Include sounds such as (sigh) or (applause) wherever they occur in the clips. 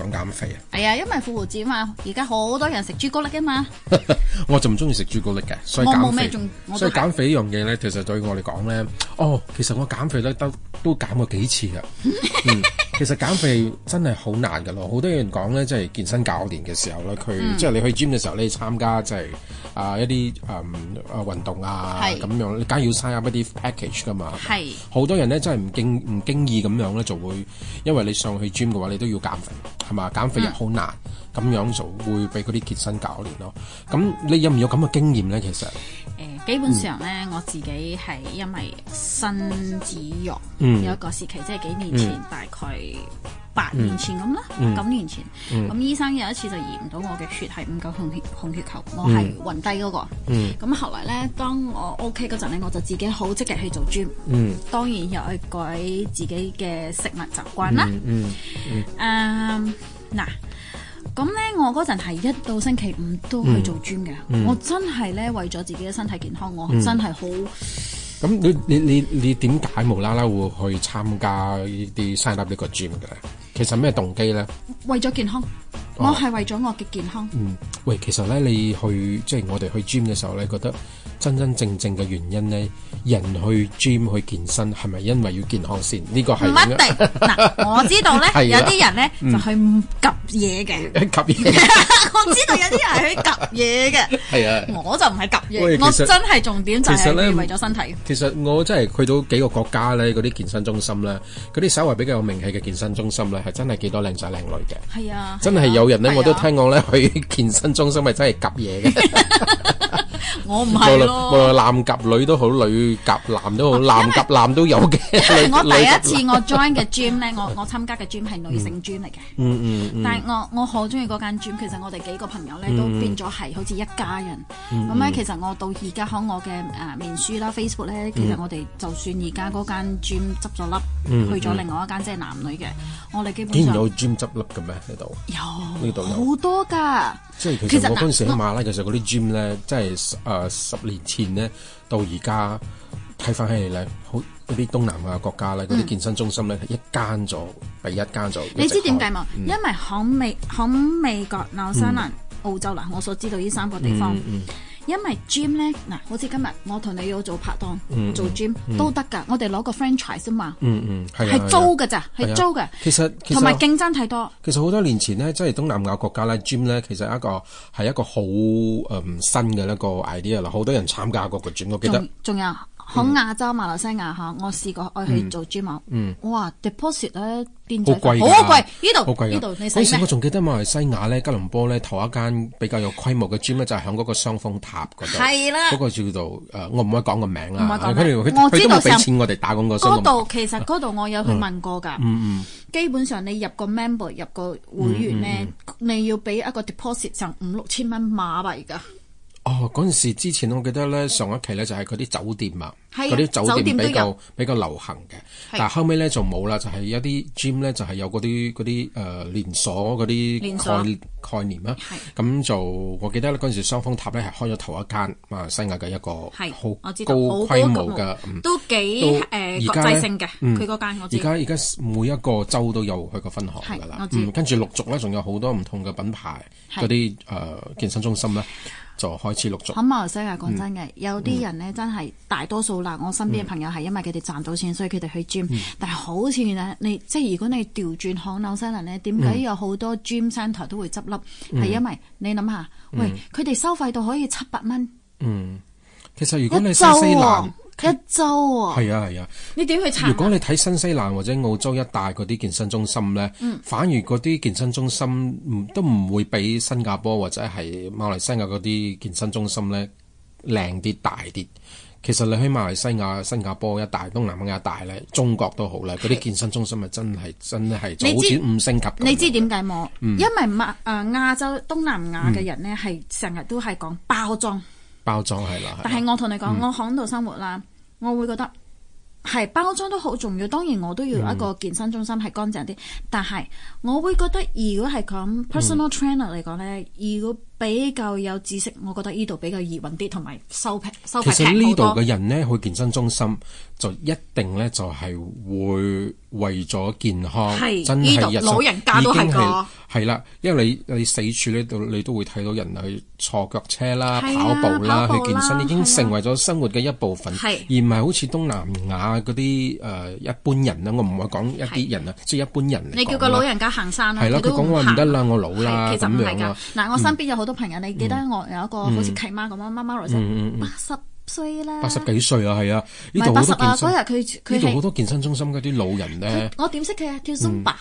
想減肥啊，係啊、哎，因為復活節嘛，而家好多人食朱古力噶嘛， (laughs) 我就唔中意食朱古力嘅，所以減肥，所以減肥呢樣嘢咧，其實對我嚟講咧，哦，其實我減肥咧都都減過幾次噶、 (laughs) 嗯，其實減肥真係好難噶咯，好多人講咧，即係健身教練嘅時候咧，佢、嗯、即係你去 gym 嘅時候，你參加即係啊一啲誒啊運動啊咁是樣，你梗係要參加一啲 package 噶嘛，係是，好多人咧真係唔經唔經意咁樣咧就會，因為你上去 gym 嘅話，你都要減肥。同埋減肥又好難，咁、嗯、樣就會俾嗰啲健身教練咯。咁、嗯、你有唔有咁嘅經驗咧？其實誒、呃，基本上咧，嗯、我自己係因為身子弱，有一、嗯、個時期，即、就、係、是、幾年前，嗯、大概。八年前咁啦，九年前咁，醫生有一次就驗唔到我嘅血係唔夠紅血紅血球，我係暈低嗰個。咁後來咧，當我 O K 嗰陣咧，我就自己好積極去做 gym。當然又去改自己嘅食物習慣啦。嗯嗯。誒嗱，咁咧我嗰陣係一到星期五都去做 gym 嘅，我真係咧為咗自己嘅身體健康，我真係好。咁你你你你點解無啦啦會去參加呢啲 sign up 呢個 gym 嘅？其實咩動機咧？為咗健康。我係為咗我嘅健康。嗯，喂，其實咧，你去即係我哋去 gym 嘅時候咧，你覺得真真正正嘅原因咧，人去 gym 去健身係咪因為要健康先？呢個係。唔一定嗱，我知道咧，有啲人咧就去 𥁸 嘢嘅。𥁸 嘢，我知道有啲人係去 𥁸 嘢嘅。係啊，我就唔係 𥁸 嘢，我真係重點就係為咗身體。其實我真係去到幾個國家咧，嗰啲健身中心咧，嗰啲稍為比較有名氣嘅健身中心咧，係真係幾多靚仔靚女嘅。係啊，真係有。人咧，我都聽講咧，哎、喲去健身中心咪真係夾嘢嘅。我唔係咯，男夾女都好，女夾男都好，男夾男都有嘅。係我第一次我 join 嘅 gym 咧，我我參加嘅 gym 係女性 gym 嚟嘅。嗯嗯嗯。但係我我好中意嗰間 gym，其實我哋幾個朋友咧都變咗係好似一家人。咁咧，其實我到而家響我嘅誒面書啦、Facebook 咧，其實我哋就算而家嗰間 gym 執咗笠，去咗另外一間即係男女嘅，我哋基本上。有 gym 執笠嘅咩？呢度有，好多噶。即係其實我嗰陣時喺馬拉嘅時候，嗰啲 gym 咧，即係。誒，十年前咧，到而家睇返起嚟，好嗰啲東南亞國家咧，嗰啲健身中心咧、嗯，係一間就第一間就，你知點解冇？嗯、因為喺美喺美國、紐西蘭、嗯、澳洲啦，我所知道呢三個地方。嗯嗯因為 gym 咧嗱，好似今日我同你要做拍檔，嗯、做 gym 都得噶。嗯、我哋攞個 franchise 嘛，係、嗯嗯啊啊、租噶咋，係、啊啊、租噶。其實其實同埋競爭太多。其實好多年前呢，即係東南亞國家咧，gym 咧其實一個係一個好誒、嗯、新嘅一個 idea 啦，好多人參加嗰個 gym，我記得。仲有。響亞洲馬來西亞吓，我試過我去做 gym 啊，哇 deposit 咧，好貴，好貴呢度呢度。以前我仲記得馬來西亞咧吉隆坡咧，頭一間比較有規模嘅 gym 咧，就係響嗰個雙峰塔嗰度。係啦，嗰個叫做誒，我唔可以講個名啊。我知道俾錢我哋打嗰個雙峰。嗰度其實嗰度我有去問過噶。基本上你入個 member 入個會員咧，你要俾一個 deposit 成五六千蚊馬幣噶。哦，嗰陣時之前我記得咧上一期咧就係佢啲酒店啊。嗰啲酒店比較比較流行嘅，但後尾咧就冇啦，就係一啲 gym 咧就係有嗰啲嗰啲誒連鎖嗰啲概概念啦。咁就我記得咧嗰陣時雙峰塔咧係開咗頭一間啊，馬來西亞嘅一個好高規模嘅，都幾誒國際性嘅。佢嗰間我而家而家每一個州都有佢個分行㗎啦。跟住陸續咧仲有好多唔同嘅品牌嗰啲誒健身中心咧就開始陸續喺馬來西亞。講真嘅，有啲人呢，真係大多數。嗱，我身邊嘅朋友係因為佢哋賺到錢，所以佢哋去 gym。嗯、但係好似呢，你即係如果你調轉康紐西蘭呢點解有好多 gym centre 都會執笠？係、嗯、因為你諗下，喂佢哋、嗯、收費到可以七百蚊。嗯，其實如果你新西，西蘭一周喎，係啊係啊，啊啊啊啊你點去查？如果你睇新西蘭或者澳洲一帶嗰啲健身中心呢，嗯、反而嗰啲健身中心都唔會比新加坡或者係馬來西亞嗰啲健身中心呢靚啲大啲。其實你喺馬來西亞、新加坡一大東南亞一大咧，中國都好咧，嗰啲健身中心咪真係真係好似五星級。你知點解冇？嗯、因為亞、呃、亞洲東南亞嘅人呢，係成日都係講包裝。包裝係啦。但係我同你講，嗯、我喺度生活啦，我會覺得係包裝都好重要。當然我都要一個健身中心係乾淨啲，但係我會覺得如果係講 personal trainer 嚟講呢，如果比較有知識，我覺得呢度比較易揾啲，同埋收平收平平好多。其實呢度嘅人呢，去健身中心就一定呢，就係會為咗健康，真係日日出。老人家都係個，係啦，因為你你四處呢度你都會睇到人去坐腳車啦、跑步啦、去健身，已經成為咗生活嘅一部分，而唔係好似東南亞嗰啲誒一般人啦。我唔係講一啲人啊，即係一般人嚟講。你叫個老人家行山啦，佢講話唔得啦，我老啦咁樣啊。嗱，我身邊有好多。朋友，你記得我有一個好似契媽咁樣媽媽嚟嘅，八十歲啦，八十幾歲啊，係啊，唔係八十啊，嗰日佢佢，呢度好多健身中心嗰啲老人咧，我點識佢啊？叫松伯。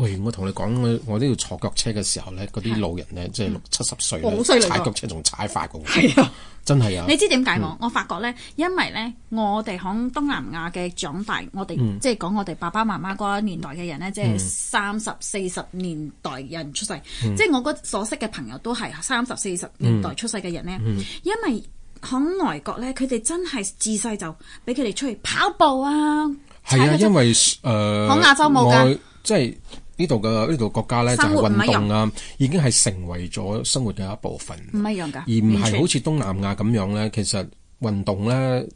喂，我同你講，我我都要坐腳車嘅時候咧，嗰啲老人呢，即係六七十歲踩腳車，仲踩快過我。係啊，真係啊！你知點解冇？我發覺呢，因為呢，我哋響東南亞嘅長大，我哋即係講我哋爸爸媽媽嗰年代嘅人呢，即係三十四十年代人出世。即係我個所識嘅朋友都係三十四十年代出世嘅人呢，因為響外國呢，佢哋真係自細就俾佢哋出去跑步啊！係啊，因為誒，響亞洲冇㗎，即係。呢度嘅呢度國家咧就係運動啊，已經係成為咗生活嘅一部分。唔一樣㗎，而唔係好似東南亞咁樣咧，其實運動咧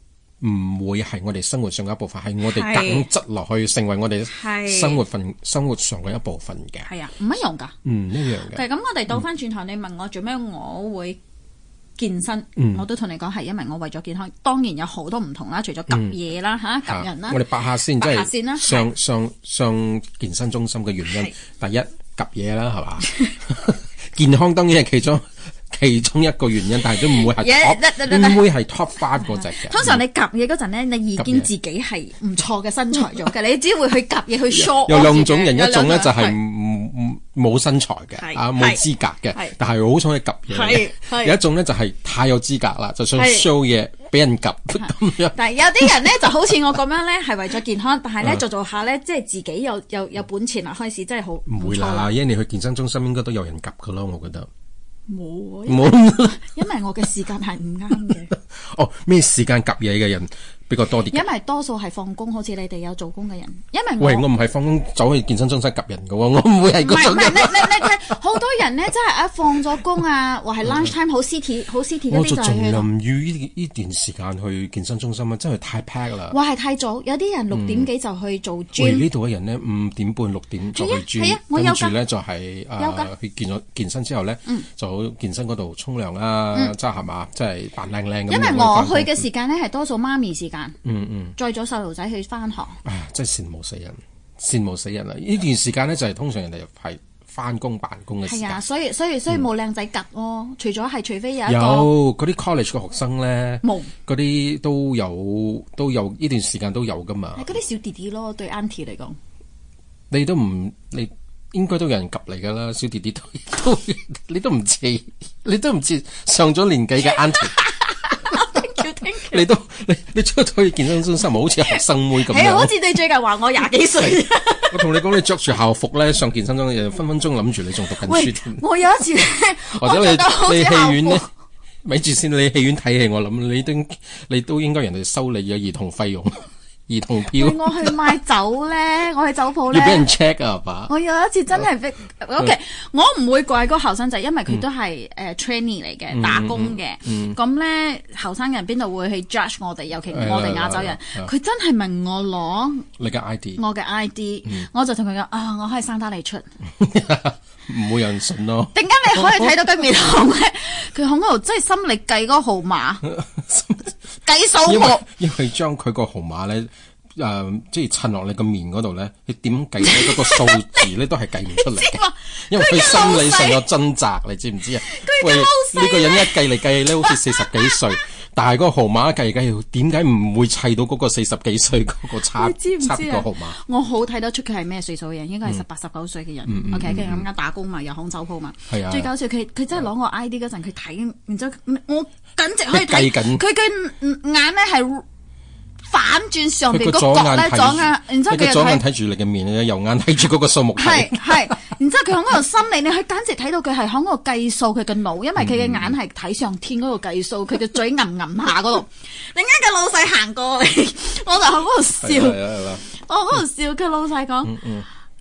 唔會係我哋生活上嘅一部分，係我哋夾硬執落去成為我哋生活份生活上嘅一部分嘅。係啊，唔一樣㗎。嗯，一樣嘅。其實咁，我哋倒返轉頭，你問我做咩，我會。健身，嗯、我都同你講係因為我為咗健康，當然有好多唔同啦，除咗 𥁸 嘢啦吓，𥁸、嗯、人啦。啊、我哋八下先，即係八下先啦。上啦上是上，上健身中心嘅原因，是第一 𥁸 嘢啦，係嘛？ (laughs) (laughs) 健康當然係其中。其中一個原因，但係都唔會係，唔會係 top five 嗰隻嘅。通常你 𥄫 嘢嗰陣咧，你已經自己係唔錯嘅身材咗嘅，你只會去 𥄫 嘢去 show。有兩種人，一種呢就係冇身材嘅，啊冇資格嘅，但係好想去 𥄫 嘢。有一種呢就係太有資格啦，就想 show 嘢俾人 𥄫 咁樣。但係有啲人呢就好似我咁樣呢，係為咗健康，但係呢做做下呢，即係自己有有有本錢啦開始，真係好唔會啦啦！一你去健身中心應該都有人 𥄫 嘅咯，我覺得。冇冇，因為我嘅時間係唔啱嘅。 (laughs) (laughs) 哦，咩時間夾嘢嘅人？比較多啲，因為多數係放工，好似你哋有做工嘅人，因為我喂我唔係放工，走去健身中心夾人嘅喎，我唔會係。唔係唔係，你你你睇，好多人呢真係一放咗工啊，或係 lunch time 好 city 好 city 嗰啲就去。我仲要依依段時間去健身中心啊，真係太 pack 啦。哇，係太早，有啲人六點幾就去做 gym。嚟呢度嘅人呢，五點半六點做 gym，係啊、嗯，我有噶。跟住咧就係誒去健咗健身之後呢，就健身嗰度沖涼啦，即係係嘛，即係扮靚靚因為我去嘅、嗯、時間呢，係多數媽咪時間。嗯嗯，載咗細路仔去翻學，啊，真係羨慕死人，羨慕死人啦！呢段時間呢，就係、是、通常人哋係翻工辦公嘅時間、啊，所以所以所以冇靚仔夾哦。嗯、除咗係，除非有有嗰啲 college 嘅學生咧，冇嗰啲都有都有呢段時間都有噶嘛。嗰啲小弟弟咯，對 Auntie 嚟講，你都唔你應該都有人夾嚟噶啦，小弟弟都，都 (laughs) (laughs) 你都唔似，你都唔似上咗年紀嘅 Auntie Thank 你都你你出去健身中心好似學生妹咁樣，係啊，好似你最近話我廿幾歲。我同你講，你着住校服咧上健身中心，分分鐘諗住你仲讀緊書。我有一次咧， (laughs) 或者你你戲院咧，咪住先，你戲院睇戲，我諗你都你都應該人哋收你嘅兒童費用。我去買酒咧，我去酒鋪咧，要俾人 check 啊，爸。我有一次真係俾，OK，我唔會怪嗰個後生仔，因為佢都係誒 trainee 嚟嘅，打工嘅。咁咧，後生人邊度會去 judge 我哋？尤其我哋亞洲人，佢真係問我攞你嘅 ID，我嘅 ID，我就同佢講啊，我可以生得你出，唔會有人信咯。突然間你可以睇到佢面紅嘅，佢喺度真係心力計嗰個號碼。計數，因為因為將佢個號碼咧，誒、呃，即係襯落你個面嗰度咧，你點計嗰個數字咧都係計唔出嚟。 (laughs) 因為佢心理上有掙扎， (laughs) 你知唔知啊？佢嬲死！呢 (laughs) 個人一計嚟計咧，好似四十幾歲。 (laughs) (laughs) 但係個號碼計而家要點解唔會砌到嗰個四十幾歲嗰個差差 (laughs) 個號碼？我好睇得出佢係咩歲數嘅人，應該係十八十九歲嘅人。OK，跟住，咁樣打工嘛，又行收鋪嘛。係啊。最搞笑佢佢真係攞我 ID 嗰陣，佢睇，然之後我簡直可以睇，佢佢嘅眼呢係反轉上邊個角咧，左眼，然之後佢係，一個左眼睇住你嘅面，咧右眼睇住嗰個數目題。係係，然之後佢響嗰度心理，你可以簡直睇到佢係響嗰度計數，佢嘅腦，因為佢嘅眼係睇上天嗰度計數，佢嘅嘴吟吟下嗰度。另一個老細行過嚟，我就喺嗰度笑，我響嗰度笑，佢老細講。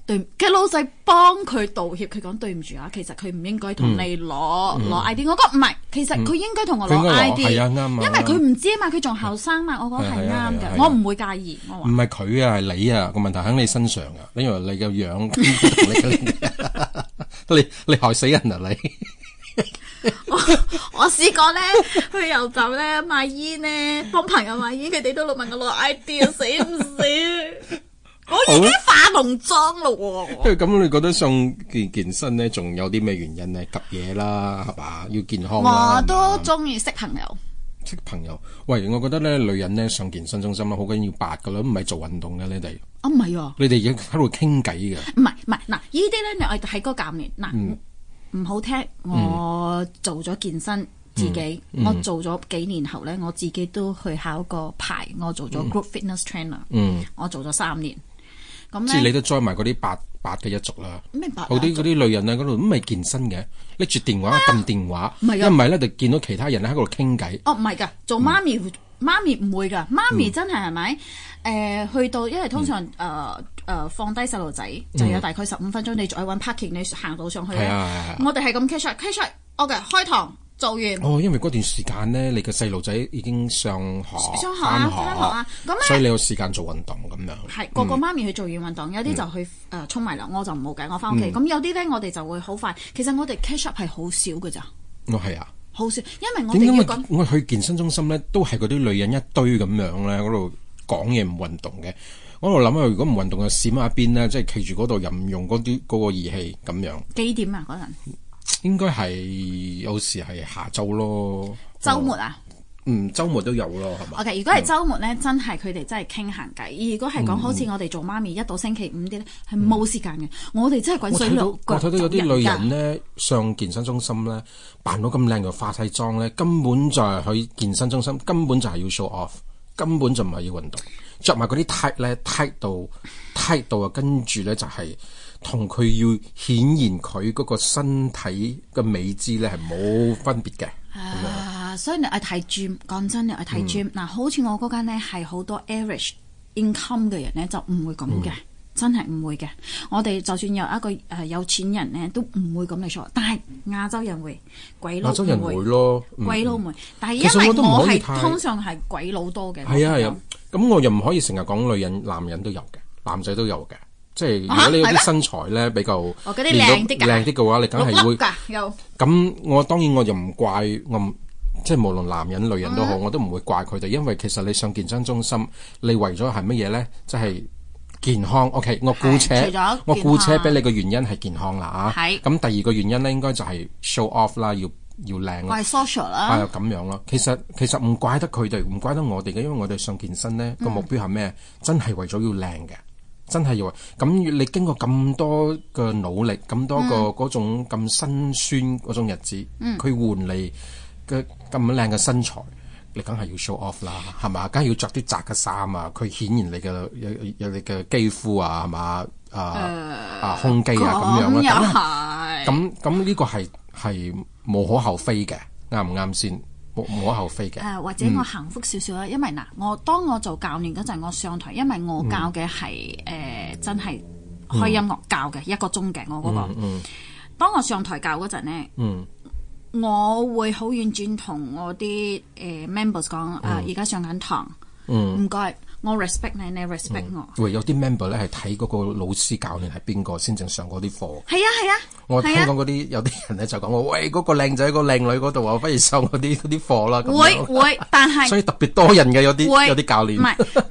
對，佢老細幫佢道歉，佢講，對唔住啊。其實佢唔應該同你攞攞 ID，我覺得唔係，其實佢應該同我攞 ID，係啊啱啊，因為佢唔知啊嘛，佢仲後生嘛，我講係啱嘅，我唔會介意。我話唔係佢啊，係你啊，個問題喺你身上啊，你以為你嘅樣，你你害死人啊你！我我試過咧去游走咧買煙呢，幫朋友買煙，佢哋都攞問我攞 ID，死唔死？我已經化濃妝咯喎，咁、哦嗯嗯、你覺得上健健身咧，仲有啲咩原因咧？及嘢啦，係吧？要健康。我都中意識朋友、嗯，識朋友。喂，我覺得咧，女人咧上健身中心咧，好緊要白噶啦，唔係做運動嘅你哋、啊啊。啊，唔係，你哋已經喺度傾偈嘅。唔係唔係，嗱、嗯，呢啲咧，你我喺嗰個概念，嗱，唔好聽。我做咗健身，自己、嗯嗯、我做咗幾年後咧，我自己都去考個牌，我做咗 group fitness trainer，嗯，嗯我做咗三年。即係你都載埋嗰啲白白嘅一族啦，嗰啲嗰啲女人啊，嗰度都唔係健身嘅，拎住電話撳電話，一唔係咧就見到其他人喺嗰度傾偈。哦，唔係㗎，做媽咪媽咪唔會㗎，媽咪真係係咪？誒，去到因為通常誒誒放低細路仔就有大概十五分鐘，你再揾 parking 你行到上去咧，我哋係咁 catch up，catch up，OK，開堂。做完哦，因為嗰段時間呢,你嘅細路仔已經上學、上學、上學啊，咁啊，所以你有時間做運動咁樣。係個個媽咪去做完運動，有啲就去誒沖埋涼，我就唔好計，我翻屋企。咁有啲呢，我哋就會好快。其實我哋 catch up 係好少嘅咋。哦，係啊，好少，因為我點解會咁？我我去健身中心呢，都係嗰啲女人一堆咁樣咧，嗰度講嘢唔運動嘅。我喺度諗下，如果唔運動啊，閃下邊呢，即係企住嗰度又唔用嗰啲嗰個儀器咁樣。幾點啊？嗰陣？應該係有時係下周咯，周末啊？嗯，周末都有咯，係嘛？OK，如果係周末咧，嗯、真係佢哋真係傾閒偈，如果係講好似我哋做媽咪，一到星期五啲咧，係冇時間嘅。嗯、我哋真係滾水淥腳。我睇到，到有啲女人呢，上健身中心咧，扮到咁靚嘅化晒妝咧，根本就係去健身中心，根本就係要 show off，根本就唔係要運動，着埋嗰啲 tight 咧，tight 到 tight 到啊，跟住咧就係、是。同佢要顯現佢嗰個身體嘅美姿咧，係冇分別嘅。所以你啊睇 gym，講真你啊睇 gym。嗱，好似我嗰間咧係好多 average income 嘅人呢，就唔會咁嘅，真係唔會嘅。我哋就算有一個誒有錢人呢，都唔會咁嚟做。但係亞洲人會鬼佬，亞洲人會咯，鬼佬會。但係因為我係通常係鬼佬多嘅。係啊係啊，咁我又唔可以成日講女人，男人都有嘅，男仔都有嘅。即係如果你有啲身材咧比較，練到靚啲嘅話，你梗係會咁。我當然我就唔怪我，即係無論男人女人都好，我都唔會怪佢哋，因為其實你上健身中心，你為咗係乜嘢咧？即係健康。OK，我姑且我姑且俾你嘅原因係健康啦。啊，係。咁第二個原因咧，應該就係 show off 啦，要要靚。為 social 啦，係咁樣咯。其實其實唔怪得佢哋，唔怪得我哋嘅，因為我哋上健身咧個目標係咩？真係為咗要靚嘅。真係要啊！咁你經過咁多嘅努力，咁多個嗰、嗯、種咁辛酸嗰種日子，佢換嚟嘅咁靚嘅身材，你梗係要 show off 啦，係嘛？梗係要着啲窄嘅衫啊！佢顯現你嘅有有你嘅肌膚啊，係嘛啊、呃、啊胸肌啊咁、嗯、樣咯。咁咁呢個係係無可厚非嘅，啱唔啱先？無無可厚非嘅，誒、呃、或者我幸福少少、嗯、啦，因為嗱，我當我做教練嗰陣，我上台，因為我教嘅係誒真係開音樂教嘅一個鐘嘅我嗰、嗰個，嗯嗯、當我上台教嗰陣咧，嗯、我會好婉轉同我啲誒、呃、members 講、嗯、啊，而家上緊堂，唔該、嗯。我 respect 你，你 respect 我。嗯、喂，有啲 member 咧係睇嗰個老師教練係邊個先正上嗰啲課。係啊係啊，啊啊我聽講嗰啲有啲人咧就講，我喂嗰、嗰個靚仔、嗰個靚女嗰度啊，那個、不如上啲嗰啲課啦。會會，但係 (laughs) 所以特別多人嘅有啲喂有啲教練。唔係是，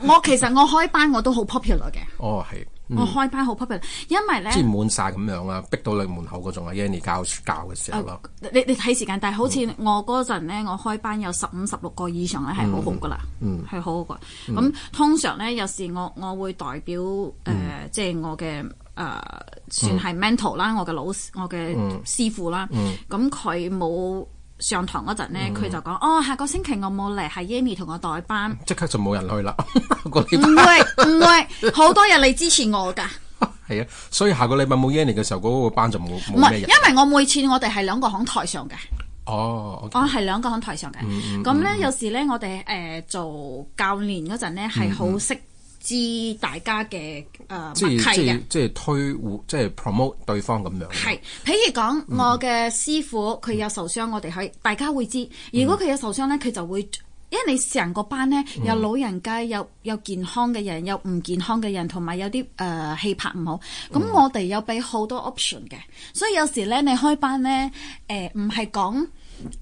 (laughs) 我其實我開班我都好 popular 嘅。哦，係。嗯、我開班好 popular，因為咧擠滿曬，咁樣啦、啊，逼到你門口嗰種啊，Yanny 教教嘅時候啦、啊啊。你你睇時間，但係好似、嗯、我嗰陣咧，我開班有十五十六個以上咧，係、嗯嗯、好好㗎啦，係好好㗎。咁通常咧，有時我我會代表誒、呃，即係我嘅誒、呃，算係 mental 啦、嗯，我嘅老師，我嘅師傅啦。咁佢冇。嗯嗯上堂嗰陣呢，佢、嗯、就講哦，下個星期我冇嚟，係 Yanny 同我代班，即刻就冇人去啦。唔會唔會，好 (laughs) 多人嚟支持我噶。係 (laughs) 啊，所以下個禮拜冇 Yanny 嘅時候，嗰、那個班就冇冇咩人唔係，不因為我每次我哋係兩個喺台上嘅。哦，okay、我係兩個喺台上嘅。咁、嗯嗯嗯、呢，有時呢，我哋誒、呃、做教練嗰陣呢，係好識。知大家嘅誒默契嘅，即係推互，即係 promote 對方咁樣。係，譬如講我嘅師傅佢有受傷，嗯、我哋可以，大家會知。如果佢有受傷咧，佢就會，因為你成個班咧有老人家，有有健康嘅人，有唔健康嘅人，同埋有啲誒氣魄唔好。咁我哋有俾好多 option 嘅，所以有時咧你開班咧誒唔係講。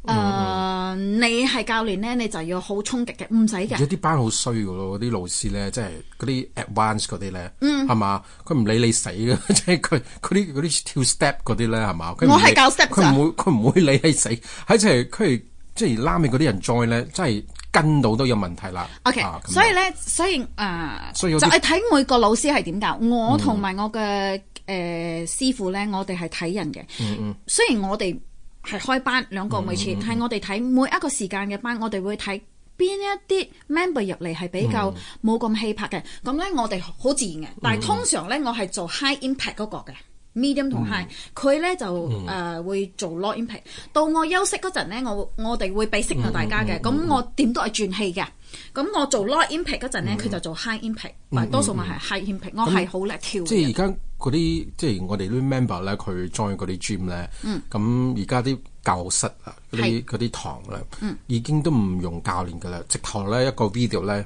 誒，uh, 你係教練咧，你就要好衝擊嘅，唔使嘅。有啲班好衰噶咯，啲老師咧，即係嗰啲 advance 嗰啲咧，嗯，係嘛，佢唔理你死嘅，即係佢啲嗰啲跳 step 嗰啲咧，係嘛，我係教 step 佢唔會佢唔會,會理你死，喺、就係、即係佢即係拉尾嗰啲人 join 咧，真係跟到都有問題啦。OK，、uh, 所以咧，所以誒，呃、所以就係睇每個老師係點教。我同埋我嘅誒、嗯呃、師傅咧，我哋係睇人嘅。嗯雖然我哋、嗯。係開班兩個每次，但係、mm hmm. 我哋睇每一個時間嘅班，我哋會睇邊一啲 member 入嚟係比較冇咁 high impact 嘅，咁咧、mm hmm. 我哋好自然嘅。但係通常咧，我係做 high impact 嗰個嘅，medium 同 high，佢咧、mm hmm. 就誒、mm hmm. 呃、會做 low impact。到我休息嗰陣咧，我我哋會俾 signal 到大家嘅，咁、mm hmm. 我點都係轉戲嘅。咁我做 low impact 陣呢，佢、嗯、就做 high impact，唔係、嗯嗯、多數咪係 high impact，、嗯、我係好叻跳嘅。即係而家嗰啲，嗯、即係我哋啲 member 咧，佢、嗯、在嗰啲 gym 咧，咁而家啲教室啊，嗰啲啲堂咧，嗯、已經都唔用教練噶啦，直頭咧一個 video 咧，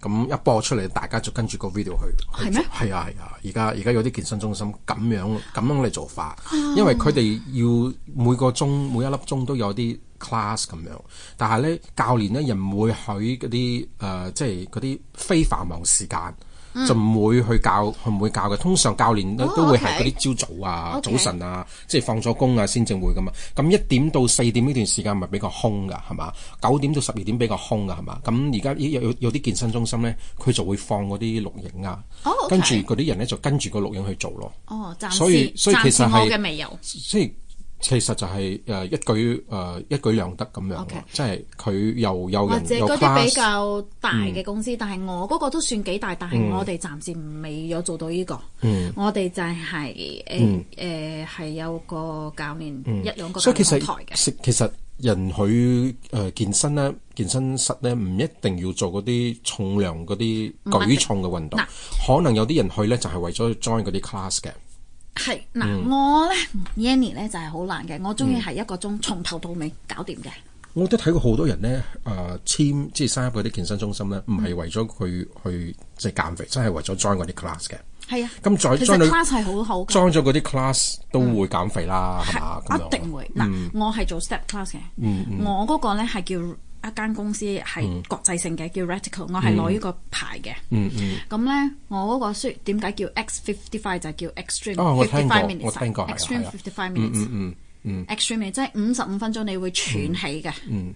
咁一播出嚟，大家就跟住個 video 去。係咩嗎？係啊係啊，而家而家有啲健身中心咁樣咁樣嚟做法，因為佢哋要每個鐘每一粒鐘都有啲。class 咁樣，但係咧教練呢又唔會喺嗰啲誒，即係嗰啲非繁忙時間、嗯、就唔會去教，佢唔會教嘅。通常教練咧、哦 okay, 都會係嗰啲朝早啊、okay, 早晨啊，即係放咗工啊先至會㗎嘛。咁、嗯、一點到四點呢段時間咪比較空㗎，係嘛？九點到十二點比較空㗎，係嘛？咁而家有有啲健身中心呢，佢就會放嗰啲錄影啊，哦、okay, 跟住嗰啲人呢就跟住個錄影去做咯。哦，暫時所以，所以，所以其實時暫時我嘅未有，即係。其實就係、是、誒、uh, 一舉誒、uh, 一舉兩得咁樣，Okay. 即係佢又有人又或者嗰啲有 class, 比較大嘅公司，嗯、但係我嗰個都算幾大，但係我哋暫時未有做到呢、這個。嗯、我哋就係誒誒係有個教練、嗯、一兩個教練、嗯、台嘅。其實人去誒健身呢，健身室呢，唔一定要做嗰啲重量嗰啲舉重嘅運動，可能有啲人去呢，就係、是、為咗 join 嗰啲 class 嘅。係嗱，我咧、嗯、Yanni 咧就係好難嘅，我中意係一個鐘從頭到尾搞掂嘅。我都睇過好多人咧，誒、呃，簽即係加入嗰啲健身中心咧，唔係為咗佢去即係減肥，真係為咗 join 嗰啲 class 嘅。係啊，咁再裝咗嗰啲 class 都會減肥啦，係嘛、嗯？一定會。嗱，喏我係做 step class 嘅，嗯、我嗰個咧係、嗯、叫。一間公司係國際性嘅，叫 Radical，我係攞呢個牌嘅。咁咧，我嗰個書點解叫 X fifty five 就係叫 extreme fifty five minutes。extreme fifty five minutes，extreme 即係五十五分鐘你會喘起嘅。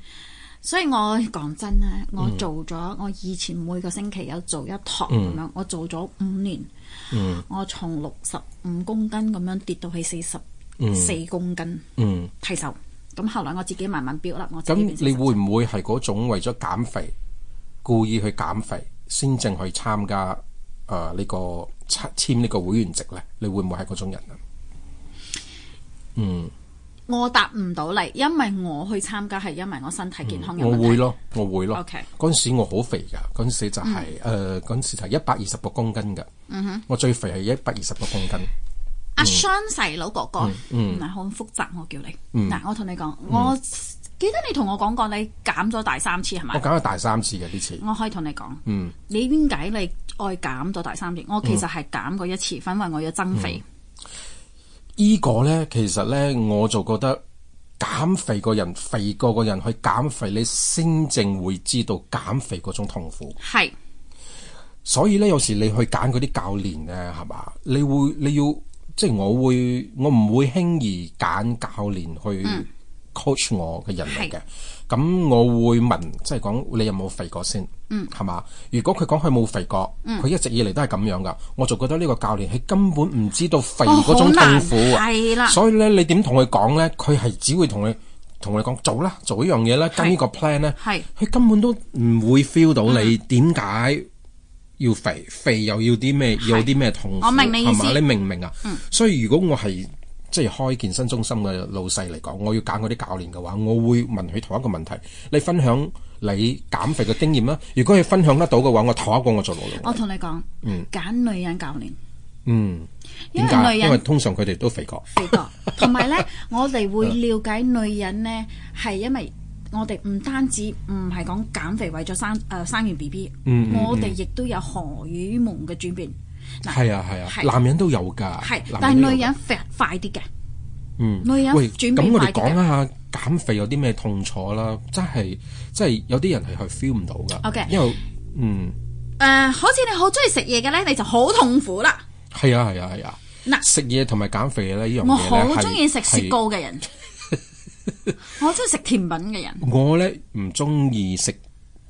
所以我講真咧，我做咗，我以前每個星期有做一堂咁樣，我做咗五年，我從六十五公斤咁樣跌到去四十四公斤，嗯，睇手。咁後來我自己慢慢標嘞，我，咁你會唔會係嗰種為咗減肥故意去減肥，先正去參加誒呢、呃這個簽呢個會員籍咧？你會唔會係嗰種人啊？嗯，我答唔到你，因為我去參加係因為我身體健康有問題。我會咯，我會咯。嗰陣 Okay. 時我好肥噶，嗰陣時就係、是、誒，陣、嗯呃、時就係一百二十個公斤噶。嗯、哼，我最肥係一百二十個公斤。雙細佬哥哥，唔係好複雜。我叫你嗱，我同你講，我記得你同我講過，你減咗第三次係咪？我減咗第三次嘅呢次，我可以同你講。嗯，你點解你愛減咗第三次？我其實係減過一次，因為我要增肥。呢個咧，其實咧，我就覺得減肥個人肥過個人去減肥，你先正會知道減肥嗰種痛苦係。所以咧，有時你去揀嗰啲教練咧，係嘛？你會你要。即係我會，我唔會輕易揀教練去 coach 我嘅人嚟嘅。咁、嗯、我會問，即係講你有冇肥過先，係嘛、嗯？如果佢講佢冇肥過，佢、嗯、一直以嚟都係咁樣噶，我就覺得呢個教練係根本唔知道肥嗰種痛苦。係、嗯嗯哦、啦，所以咧，你點同佢講咧？佢係只會同你同你講做啦，做呢樣嘢啦，跟呢個 plan 咧，係，佢根本都唔會 feel 到你點解。嗯要肥肥又要啲咩？是要啲咩痛？我明你意思。你明唔明啊？嗯、所以如果我係即係開健身中心嘅老細嚟講，我要揀嗰啲教練嘅話，我會問佢同一個問題：你分享你減肥嘅經驗啦。如果佢分享得到嘅話，我頭一個我做落嚟。我同你講，揀、嗯、女人教練。嗯，因為女人，因為通常佢哋都肥過。肥過，同埋咧，呢 (laughs) 我哋會了解女人呢係因為。我哋唔單止唔係講減肥為咗生，誒，生完 B B，我哋亦都有荷爾蒙嘅轉變。係啊，係啊，男人都有噶，係，但係女人肥快啲嘅。嗯，女人轉變，咁我哋講一下減肥有啲咩痛楚啦，真係真係有啲人係去 feel 唔到噶。O K，因為嗯誒，好似你好中意食嘢嘅咧，你就好痛苦啦。係啊，係啊，係啊，嗱，食嘢同埋減肥嘅呢樣，我好中意食雪糕嘅人。我中意食甜品嘅人。我咧唔中意食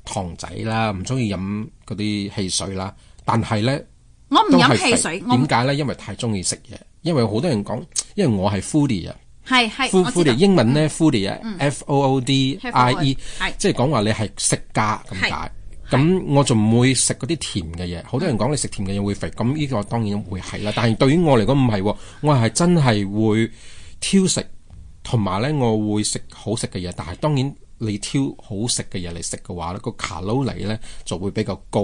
糖仔啦，唔中意飲嗰啲汽水啦。但係咧，我唔飲汽水。點解咧？因為太中意食嘢。因為好多人講，因為我係 foodie 啊，係係 f o o d i e 英文咧 f o o d i e 啊，f o o d i e，f o o d i e 即係講話你係食家咁解。咁我就唔會食嗰啲甜嘅嘢。好多人講你食甜嘅嘢會肥，咁呢個當然會係啦。但係對於我嚟講唔係，我係真係會挑食。同埋咧，我會食好食嘅嘢，但係當然你挑好食嘅嘢嚟食嘅話咧，個卡路里咧就會比較高。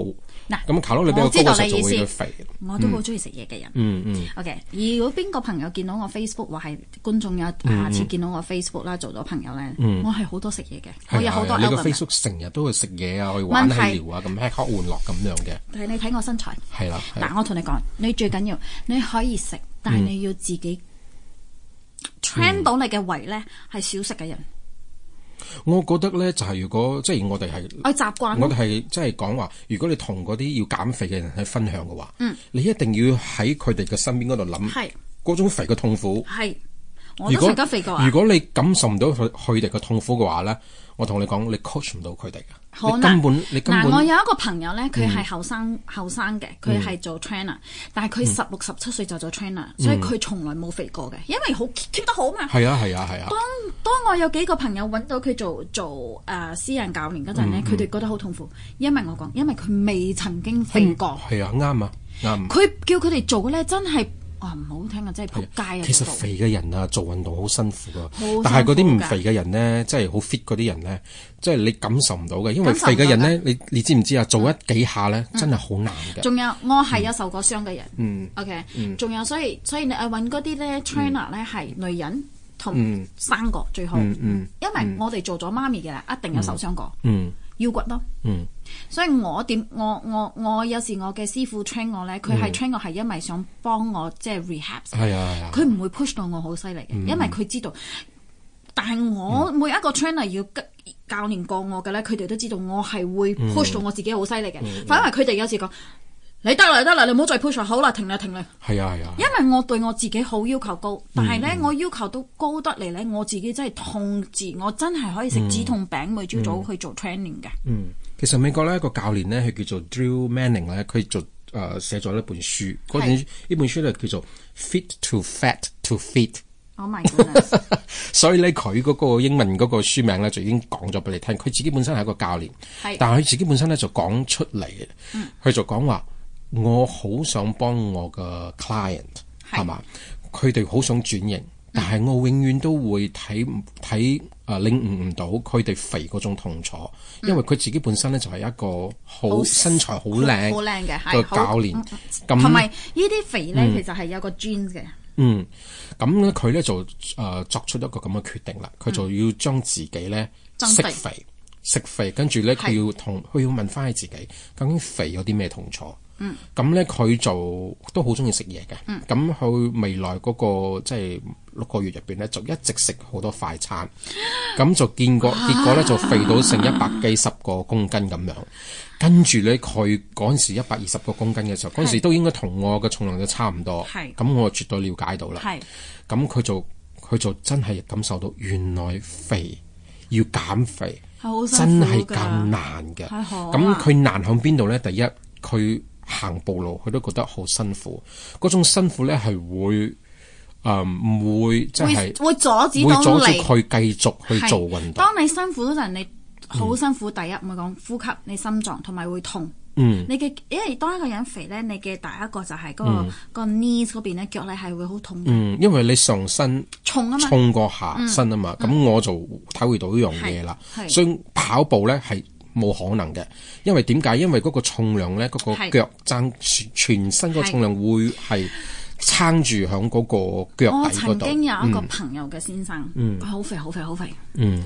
嗱，咁卡路里比較高你會肥。我都好鍾意食嘢嘅人。嗯嗯。OK，如果邊個朋友見到我 Facebook 話係觀眾，有下次見到我 Facebook 啦，做咗朋友咧，我係好多食嘢嘅，我有好多。你個 Facebook 成日都去食嘢啊，去玩輕聊啊，咁吃喝玩樂咁樣嘅。但係你睇我身材。係啦，但我同你講，你最緊要你可以食，但係你要自己。聽到你嘅胃呢係少食嘅人，我覺得呢就係、是、如果即係我哋係、啊、我習慣，我哋係即係講話，如果你同嗰啲要減肥嘅人去分享嘅話，嗯，你一定要喺佢哋嘅身邊嗰度諗，嗰，是，種肥嘅痛苦，係我都曾經肥過。如果你感受唔到佢佢哋嘅痛苦嘅話呢，我同你講，你 coach 唔到佢哋嘅。可能嗱，我有一個朋友咧，佢係後生後生嘅，佢係、嗯、做 trainer、嗯、但係佢十六十七歲就做 trainer、嗯、所以佢從來冇肥過嘅，因為好 keep 得好嘛。係啊係啊係啊！啊啊當當我有幾個朋友揾到佢做做誒、呃、私人教練嗰陣咧，佢哋、嗯、覺得好痛苦，因為我講，因為佢未曾經肥過。係、嗯、啊啱啊啱！佢、啊啊、叫佢哋做咧真係。哇，唔、哦、好聽啊！即係扑街啊！其實肥嘅人啊，做運動好辛苦噶，苦但係嗰啲唔肥嘅人，人呢，即係好 fit 嗰啲人呢，即係你感受唔到嘅，因為肥嘅人呢，你你知唔知啊？嗯、做一幾下呢，真係好難嘅。仲、嗯、有我係有受過傷嘅人，嗯，OK，仲、嗯、有所以所以你誒揾嗰啲呢 trainer 咧係女人同生過最好，嗯，嗯嗯嗯因為我哋做咗媽咪嘅啦，一定有受傷過嗯，嗯。腰骨咯，嗯、所以我點我我我有時我嘅師傅 train 我咧，佢係 train 我係因為想幫我即係 rehab，佢唔會 push 到我好犀利嘅，嗯、因為佢知道。但係我、嗯、每一個 trainer 要教練過我嘅咧，佢哋都知道我係會 push 到我自己好犀利嘅，嗯嗯、反而佢哋有時講。你得啦得啦，你唔好再 push 好啦，停啦停啦。係啊係啊，因為我對我自己好要求高，但係呢，我要求都高得嚟呢。我自己真係痛治，我真係可以食止痛餅，每朝早去做 training 嘅。嗯，其實美國呢一個教練呢，佢叫做 Drew Manning 咧，佢做誒寫咗一本書，嗰本呢本書咧叫做 Fit to Fat to Fit。Oh my god！所以呢，佢嗰個英文嗰個書名呢，就已經講咗俾你聽，佢自己本身係一個教練，但係佢自己本身呢，就講出嚟，嗯，佢就講話。我好想幫我嘅 client 係嘛是，佢哋好想轉型，但係我永遠都會睇睇誒，領悟唔到佢哋肥嗰種痛楚，因為佢自己本身呢就係、是、一個好身材好靚好靚嘅個教練。咁係咪呢啲肥呢其實係有個 gene 嘅？嗯，咁咧佢呢，、嗯嗯嗯、呢就誒、呃、作出一個咁嘅決定啦。佢就要將自己呢食對肥食肥，跟住呢，佢要同佢要問翻佢自己究竟肥有啲咩痛楚。嗯，咁呢佢就都好中意食嘢嘅。嗯，咁佢未來嗰、那個即係、就是、六個月入邊呢，就一直食好多快餐。咁 (laughs) 就見過，結果呢，就肥到成一百幾十個公斤咁樣。跟住呢，佢嗰陣時一百二十個公斤嘅時候，嗰陣是時都應該同我嘅重量就差唔多。係是，咁我絕對了解到啦。係是，咁佢就佢就真係感受到原來肥要減肥真係咁難嘅。係好難。咁佢難向邊度呢？第一佢，行步路，佢都覺得好辛苦，嗰種辛苦咧係會，誒、呃、唔會即係會阻止到阻止佢繼續去做運動。當你辛苦嗰陣，你好辛苦，嗯、第一唔係講呼吸，你心臟同埋會痛。嗯，你嘅因為當一個人肥咧，你嘅第一個就係嗰、嗰個 knees 嗰、嗯、邊咧，腳咧係會好痛。嗯，因為你上身重啊嘛，重過下身啊嘛，咁、嗯、我就體會到呢樣嘢啦。所以跑步咧係。冇可能嘅，因為點解？因為嗰個重量咧，嗰、那個腳踭是全身個重量會係撐住響嗰個腳底。我曾經有一個朋友嘅先生，佢好、嗯、肥，好肥，好肥，嗯、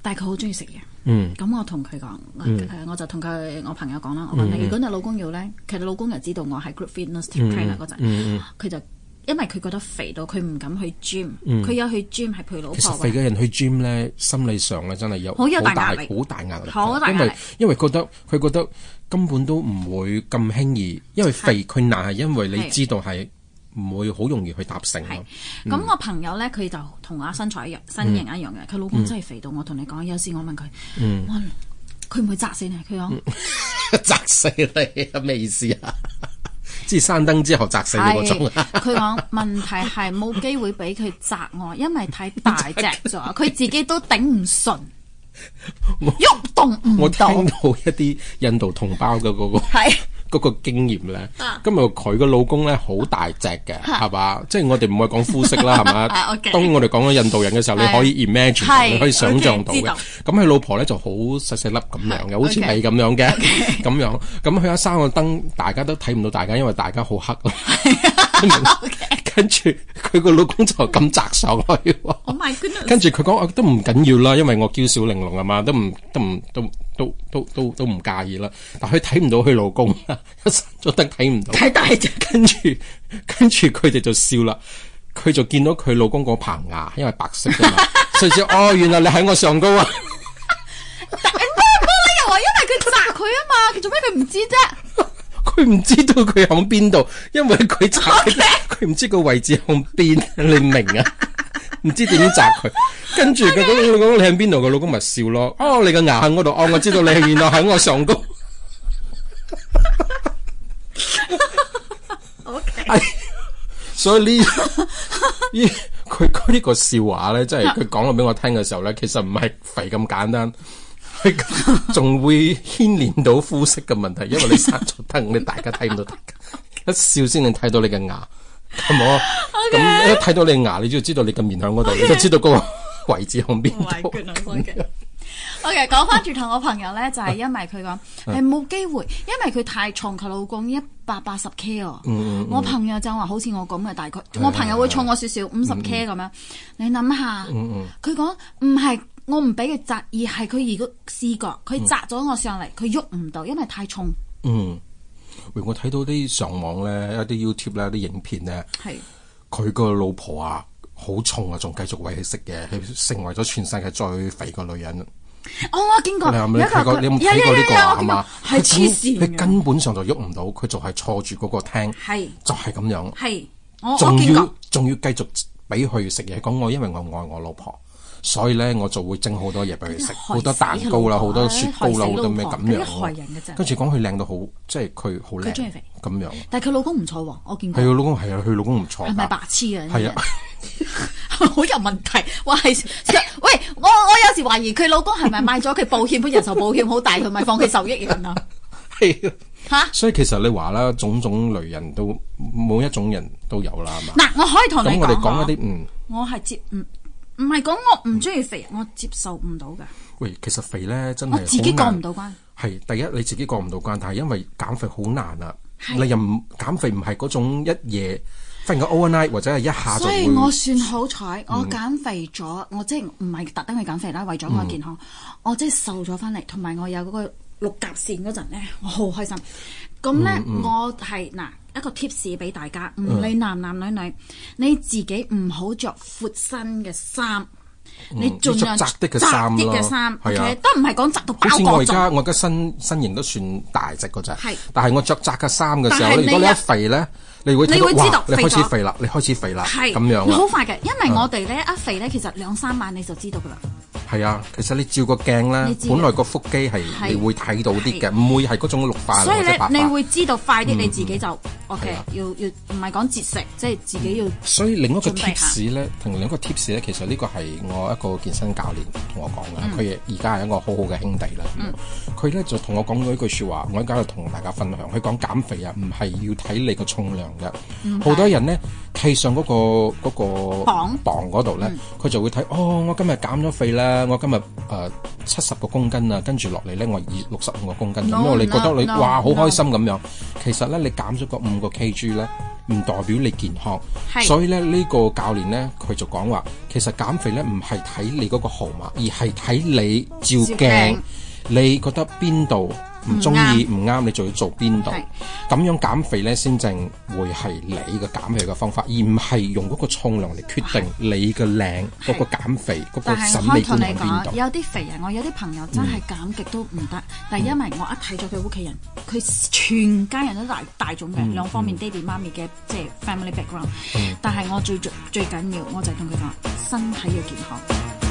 但係佢好中意食嘢。咁、嗯、我同佢講，我就同佢我朋友講啦，我講你，如果你老公要咧，其實老公又知道我係 group fitness trainer 嗰陣，佢、嗯嗯、就。因為佢覺得肥到佢唔敢去 gym，佢有去 gym 係佢老婆。其實肥嘅人去 gym 咧，心理上啊真係有好大壓力，好大壓力。因為因為覺得佢覺得根本都唔會咁輕易，因為肥佢難係因為你知道係唔會好容易去搭成咯。咁我朋友咧，佢就同我身材一樣，身形一樣嘅，佢老公真係肥到我同你講，有時我問佢，佢唔會窒死你？佢講，窒死你咩意思啊？之山登之後，砸死個鐘啊！佢講是 (laughs) 問題係冇機會俾佢砸我，因為太大隻咗，佢自己都頂唔順。喐我動唔到。我聽到一啲印度同胞嘅嗰、那個嗰個經驗咧，今日佢個老公咧好大隻嘅，係吧？即係我哋唔會講膚色啦，係嘛？當我哋講咗印度人嘅時候，你可以 imagine，你可以想像到嘅。咁佢老婆咧就好細細粒咁樣嘅，好似係咁樣嘅咁樣。咁佢有三個燈，大家都睇唔到大家，因為大家好黑。跟住佢個老公就咁擲手咯。Oh my God！跟住佢講，都唔緊要啦，因為我嬌小玲瓏吖嘛，都唔都唔都。都都都都唔介意啦，但佢睇唔到佢老公啦， (laughs) 一坐低睇唔到，睇大隻，跟住跟住佢哋就笑啦，佢就見到佢老公個棚牙，因為白色嘅嘛，所以 (laughs) 哦，原來你喺我上高啊，冇理由啊，因為佢砸佢啊嘛，佢做咩佢唔知啫，佢唔知道佢響邊度，因為佢砸嘅，佢唔知個位置響邊，你明啊？ (laughs) 唔知點樣砸佢，跟住佢老公你喺邊度？個老公咪笑咯。 (laughs) 哦，你個牙喺嗰度。哦，我知道你原來喺我上高。 (laughs) Okay. 哎，所以呢佢呢個笑話咧，即係佢講落俾我聽嘅時候咧，其實唔係肥咁簡單，係仲會牽連到膚色嘅問題。因為你熄咗燈，你大家睇唔到，一笑先能睇到你嘅牙。咁啊！咁一睇到你牙，你就要知道你根面向嗰度，你就知道嗰個位置喺邊度。OK，講翻轉頭，我朋友咧就係因為佢講係冇機會，因為佢太重，佢老公一百八十 K 哦。我朋友就話好似我咁嘅，大概我朋友會重我少少五十 K 咁樣。你諗下，佢講唔係我唔俾佢扎，而係佢如果視覺佢扎咗我上嚟，佢喐唔到，因為太重。嗯。我睇到啲上網咧，一啲 YouTube 咧啲影片咧，佢個是老婆啊好重啊，仲繼續餵佢食嘢，佢成為咗全世界最肥個女人。我、哦、我見過，你有冇睇過，這個過？你有冇睇過呢個？係嘛是？係黐線，佢、啊、根本上就喐唔到，佢就係坐住嗰個廳，是就係咁樣。係，我要我仲要繼續俾佢食嘢。講我因為我愛我老婆。所以咧，我就會蒸好多嘢俾佢食，好多蛋糕啦，好多雪糕啦，好多咩咁樣咯。跟住講佢靚到好，即係佢好靚咁樣。但係佢老公唔錯喎，我見過。係啊，老公係啊，佢老公唔錯。係咪白痴啊？係啊，好有問題。話係喂，我我有時懷疑佢老公係咪買咗佢保險？乜人壽保險好大，佢咪放棄佢受益人啊？係啊。嚇！所以其實你話啦，種種類人都每一種人都有啦，係嘛？嗱，我可以同你講，我哋講一啲嗯，我係接嗯。唔係講我唔中意肥，我接受唔到㗎。喂，其實肥咧真係我自己過唔到關。係第一你自己過唔到關，但係因為減肥好難啦、啊。是你又唔減肥唔係嗰種一夜忽然個 overnight 或者係一下，所以我算好彩、嗯，我減肥咗，我即係唔係特登去減肥啦，為咗我健康，嗯、我即係瘦咗翻嚟，同埋我有嗰個六甲線嗰陣咧，我好開心。咁咧，我係嗱一個 tips 俾大家，唔理男男女女，你自己唔好着闊身嘅衫，你着窄啲嘅衫咯，係啊，都唔係講窄到包過。好似我而家，我而家身身型都算大隻嗰隻，但係我着窄嘅衫嘅時候，如果你一肥咧，你會你會知道你開始肥啦，你開始肥啦，咁樣好快嘅，因為我哋咧一肥咧，其實兩三晚你就知道噶啦。係啊，其實你照個鏡咧，本來個腹肌係你會睇到啲嘅，唔會係嗰種綠化或者白化。所以你你會知道快啲，你自己就 O K，要要唔係講節食，即係自己要。所以另一個 tips 咧，同另一個 tips 咧，其實呢個係我一個健身教練同我講嘅，佢而家係一個好好嘅兄弟啦。佢咧就同我講過一句說話，我而家就同大家分享。佢講減肥啊，唔係要睇你個重量嘅，好多人咧企上嗰個個磅度咧，佢就會睇哦，我今日減咗肥啦。我今日誒、呃、七十個公斤啊，跟住落嚟咧，我以六十五個公斤，咁我哋覺得你 no, 哇好 No, 開心咁樣。No. 其實咧你減咗個五個 Kg 咧，唔代表你健康，是所以咧呢個教練咧佢就講話，其實減肥咧唔係睇你嗰個號碼，而係睇你照鏡，照鏡你覺得邊度？唔中意唔啱，你仲要做邊度？咁是樣減肥咧，先正會係你嘅減肥嘅方法，而唔係用嗰個重量嚟決定你嘅靚嗰個減肥嗰是個審美觀喺邊度？有啲肥人，我有啲朋友真係減極都唔得，嗯、但係因為我一睇咗佢屋企人，佢全家人都大大種嘅，嗯、兩方面爹哋、嗯、媽咪嘅即係 family background、嗯。但係我最最最緊要，我就係同佢講身體要健康。